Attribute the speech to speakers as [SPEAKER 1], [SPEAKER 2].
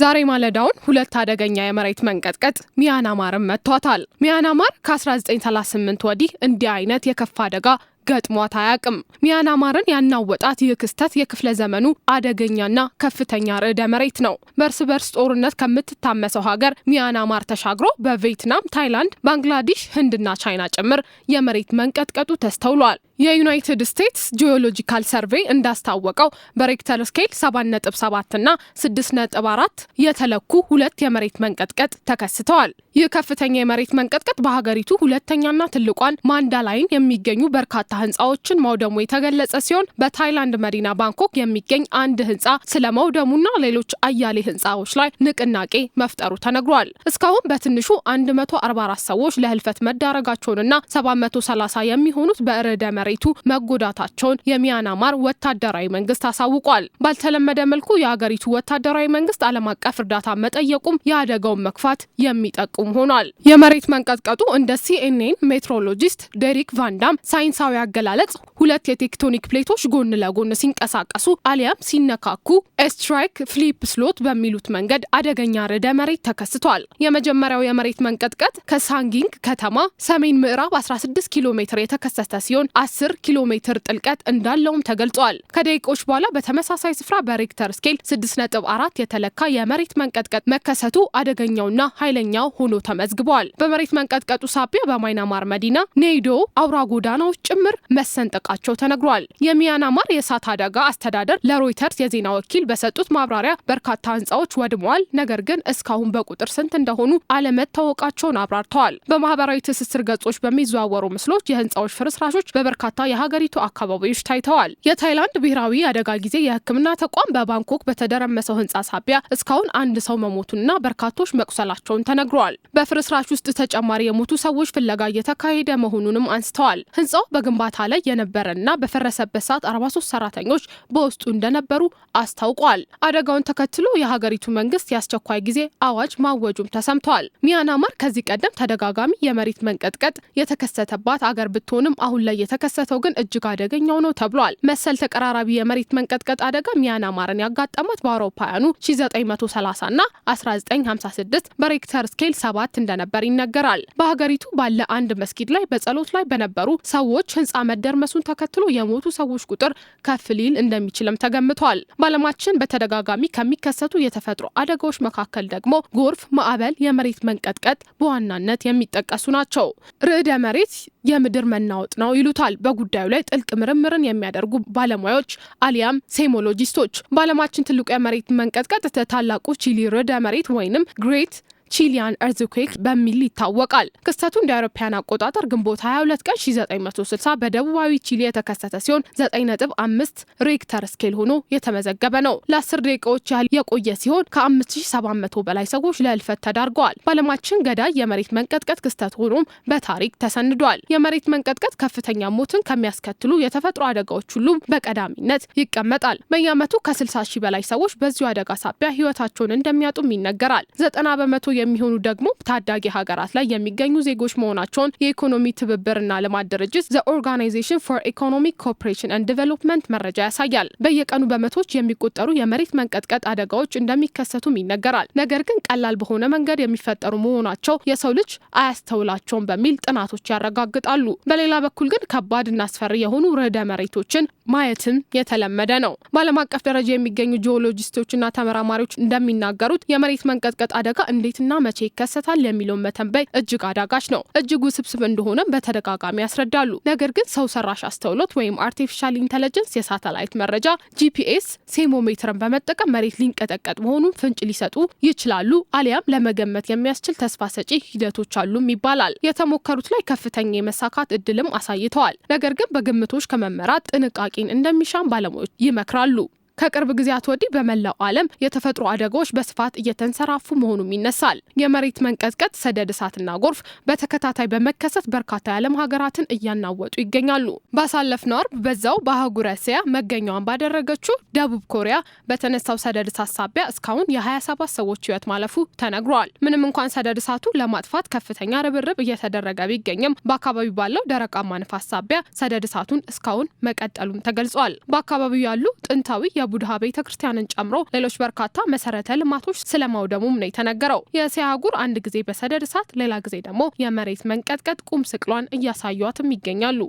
[SPEAKER 1] ዛሬ ማለዳውን ሁለት አደገኛ የመሬት መንቀጥቀጥ ሚያናማርን መቷታል። ሚያናማር ከ1938 ወዲህ እንዲህ አይነት የከፍ አደጋ ገጥሟት አያቅም። ሚያናማርን ያናወጣት ይህ ክስተት የክፍለ ዘመኑ አደገኛና ከፍተኛ ርዕደ መሬት ነው። በእርስ በርስ ጦርነት ከምትታመሰው ሀገር ሚያናማር ተሻግሮ በቪየትናም፣ ታይላንድ፣ ባንግላዴሽ፣ ህንድና ቻይና ጭምር የመሬት መንቀጥቀጡ ተስተውሏል። የዩናይትድ ስቴትስ ጂኦሎጂካል ሰርቬይ እንዳስታወቀው በሬክተር ስኬል 7.7 እና 6.4 የተለኩ ሁለት የመሬት መንቀጥቀጥ ተከስተዋል። ይህ ከፍተኛ የመሬት መንቀጥቀጥ በሀገሪቱ ሁለተኛና ትልቋን ማንዳላይን የሚገኙ በርካታ ህንፃዎችን ማውደሙ የተገለጸ ሲሆን በታይላንድ መዲና ባንኮክ የሚገኝ አንድ ህንፃ ስለ መውደሙና ሌሎች አያሌ ህንፃዎች ላይ ንቅናቄ መፍጠሩ ተነግሯል። እስካሁን በትንሹ 144 ሰዎች ለህልፈት መዳረጋቸውንና 730 የሚሆኑት በርዕደ መሬቱ መጎዳታቸውን የሚያናማር ወታደራዊ መንግስት አሳውቋል። ባልተለመደ መልኩ የሀገሪቱ ወታደራዊ መንግስት ዓለም አቀፍ እርዳታ መጠየቁም የአደጋውን መክፋት የሚጠቁም ሆኗል። የመሬት መንቀጥቀጡ እንደ ሲኤንኤን ሜትሮሎጂስት ዴሪክ ቫንዳም ሳይንሳዊ አገላለጽ ሁለት የቴክቶኒክ ፕሌቶች ጎን ለጎን ሲንቀሳቀሱ አሊያም ሲነካኩ ኤስትራይክ ፍሊፕ ስሎት በሚሉት መንገድ አደገኛ ርዕደ መሬት ተከስቷል። የመጀመሪያው የመሬት መንቀጥቀጥ ከሳንጊንግ ከተማ ሰሜን ምዕራብ 16 ኪሎ ሜትር የተከሰተ ሲሆን 10 ኪሎ ሜትር ጥልቀት እንዳለውም ተገልጿል። ከደቂቆች በኋላ በተመሳሳይ ስፍራ በሬክተር ስኬል 6.4 የተለካ የመሬት መንቀጥቀጥ መከሰቱ አደገኛውና ኃይለኛው ሆኖ ተመዝግቧል። በመሬት መንቀጥቀጡ ሳቢያ በማይናማር መዲና ኔይዶ አውራ ጎዳናዎች ጭምር መሰንጠቃቸው ተነግሯል። የሚያናማር የእሳት አደጋ አስተዳደር ለሮይተርስ የዜና ወኪል በሰጡት ማብራሪያ በርካታ ህንፃዎች ወድመዋል፣ ነገር ግን እስካሁን በቁጥር ስንት እንደሆኑ አለመታወቃቸውን አብራርተዋል። በማህበራዊ ትስስር ገጾች በሚዘዋወሩ ምስሎች የህንፃዎች ፍርስራሾች በበርካ በርካታ የሀገሪቱ አካባቢዎች ታይተዋል። የታይላንድ ብሔራዊ አደጋ ጊዜ የሕክምና ተቋም በባንኮክ በተደረመሰው ህንፃ ሳቢያ እስካሁን አንድ ሰው መሞቱንና በርካቶች መቁሰላቸውን ተነግረዋል። በፍርስራሽ ውስጥ ተጨማሪ የሞቱ ሰዎች ፍለጋ እየተካሄደ መሆኑንም አንስተዋል። ህንፃው በግንባታ ላይ የነበረና በፈረሰበት ሰዓት 43 ሰራተኞች በውስጡ እንደነበሩ አስታውቋል። አደጋውን ተከትሎ የሀገሪቱ መንግስት የአስቸኳይ ጊዜ አዋጅ ማወጁም ተሰምቷል። ሚያናማር ከዚህ ቀደም ተደጋጋሚ የመሬት መንቀጥቀጥ የተከሰተባት አገር ብትሆንም አሁን ላይ የተከሰ የተከሰተው ግን እጅግ አደገኛው ነው ተብሏል። መሰል ተቀራራቢ የመሬት መንቀጥቀጥ አደጋ ሚያና ማርን ያጋጠማት በአውሮፓውያኑ 1930 እና 1956 በሬክተር ስኬል ሰባት እንደነበር ይነገራል። በሀገሪቱ ባለ አንድ መስጊድ ላይ በጸሎት ላይ በነበሩ ሰዎች ህንፃ መደርመሱን ተከትሎ የሞቱ ሰዎች ቁጥር ከፍ ሊል እንደሚችልም ተገምቷል። በዓለማችን በተደጋጋሚ ከሚከሰቱ የተፈጥሮ አደጋዎች መካከል ደግሞ ጎርፍ፣ ማዕበል፣ የመሬት መንቀጥቀጥ በዋናነት የሚጠቀሱ ናቸው። ርዕደ መሬት የምድር መናወጥ ነው ይሉታል። በጉዳዩ ላይ ጥልቅ ምርምርን የሚያደርጉ ባለሙያዎች አሊያም ሴሞሎጂስቶች በዓለማችን ትልቁ የመሬት መንቀጥቀጥ ታላቁ ቺሊ ርዕደ መሬት ወይንም ግሬት ቺሊያን እርዝኩዌክ በሚል ይታወቃል። ክስተቱ እንደ አውሮፓውያን አቆጣጠር ግንቦት 22 ቀን 1960 በደቡባዊ ቺሊ የተከሰተ ሲሆን 9.5 ሬክተር ስኬል ሆኖ የተመዘገበ ነው። ለ10 ደቂቃዎች ያህል የቆየ ሲሆን ከ5700 በላይ ሰዎች ለህልፈት ተዳርገዋል። በዓለማችን ገዳይ የመሬት መንቀጥቀጥ ክስተት ሆኖም በታሪክ ተሰንዷል። የመሬት መንቀጥቀጥ ከፍተኛ ሞትን ከሚያስከትሉ የተፈጥሮ አደጋዎች ሁሉም በቀዳሚነት ይቀመጣል። በየአመቱ ከ60 ሺህ በላይ ሰዎች በዚሁ አደጋ ሳቢያ ህይወታቸውን እንደሚያጡም ይነገራል። 90 በመቶ የሚሆኑ ደግሞ ታዳጊ ሀገራት ላይ የሚገኙ ዜጎች መሆናቸውን የኢኮኖሚ ትብብርና ልማት ድርጅት ዘ ኦርጋናይዜሽን ፎር ኢኮኖሚክ ኮኦፕሬሽን ኤንድ ዲቨሎፕመንት መረጃ ያሳያል። በየቀኑ በመቶች የሚቆጠሩ የመሬት መንቀጥቀጥ አደጋዎች እንደሚከሰቱም ይነገራል። ነገር ግን ቀላል በሆነ መንገድ የሚፈጠሩ መሆናቸው የሰው ልጅ አያስተውላቸውም በሚል ጥናቶች ያረጋግጣሉ። በሌላ በኩል ግን ከባድና አስፈሪ የሆኑ ርዕደ መሬቶችን ማየትም የተለመደ ነው። በዓለም አቀፍ ደረጃ የሚገኙ ጂኦሎጂስቶችና ተመራማሪዎች እንደሚናገሩት የመሬት መንቀጥቀጥ አደጋ እንዴት መቼና መቼ ይከሰታል የሚለውን መተንበይ እጅግ አዳጋች ነው። እጅግ ውስብስብ እንደሆነም በተደጋጋሚ ያስረዳሉ። ነገር ግን ሰው ሰራሽ አስተውሎት ወይም አርቲፊሻል ኢንተለጀንስ የሳተላይት መረጃ ጂፒኤስ፣ ሴሞሜትርን በመጠቀም መሬት ሊንቀጠቀጥ መሆኑን ፍንጭ ሊሰጡ ይችላሉ አሊያም ለመገመት የሚያስችል ተስፋ ሰጪ ሂደቶች አሉም ይባላል። የተሞከሩት ላይ ከፍተኛ የመሳካት እድልም አሳይተዋል። ነገር ግን በግምቶች ከመመራት ጥንቃቄን እንደሚሻም ባለሙያዎች ይመክራሉ። ከቅርብ ጊዜያት ወዲህ በመላው ዓለም የተፈጥሮ አደጋዎች በስፋት እየተንሰራፉ መሆኑም ይነሳል። የመሬት መንቀጥቀጥ፣ ሰደድ እሳትና ጎርፍ በተከታታይ በመከሰት በርካታ የዓለም ሀገራትን እያናወጡ ይገኛሉ። ባሳለፍነው አርብ በዛው በአህጉረ እስያ መገኛዋን ባደረገችው ደቡብ ኮሪያ በተነሳው ሰደድ እሳት ሳቢያ እስካሁን የ27 ሰዎች ሕይወት ማለፉ ተነግሯል። ምንም እንኳን ሰደድ እሳቱ ለማጥፋት ከፍተኛ ርብርብ እየተደረገ ቢገኝም በአካባቢው ባለው ደረቃማ ንፋስ ሳቢያ ሰደድ እሳቱን እስካሁን መቀጠሉም ተገልጿል። በአካባቢው ያሉ ጥንታዊ የቡድሃ ቤተ ክርስቲያንን ጨምሮ ሌሎች በርካታ መሰረተ ልማቶች ስለማውደሙም ነው የተነገረው። የሲያጉር አንድ ጊዜ በሰደድ እሳት፣ ሌላ ጊዜ ደግሞ የመሬት መንቀጥቀጥ ቁም ስቅሏን እያሳዩትም ይገኛሉ።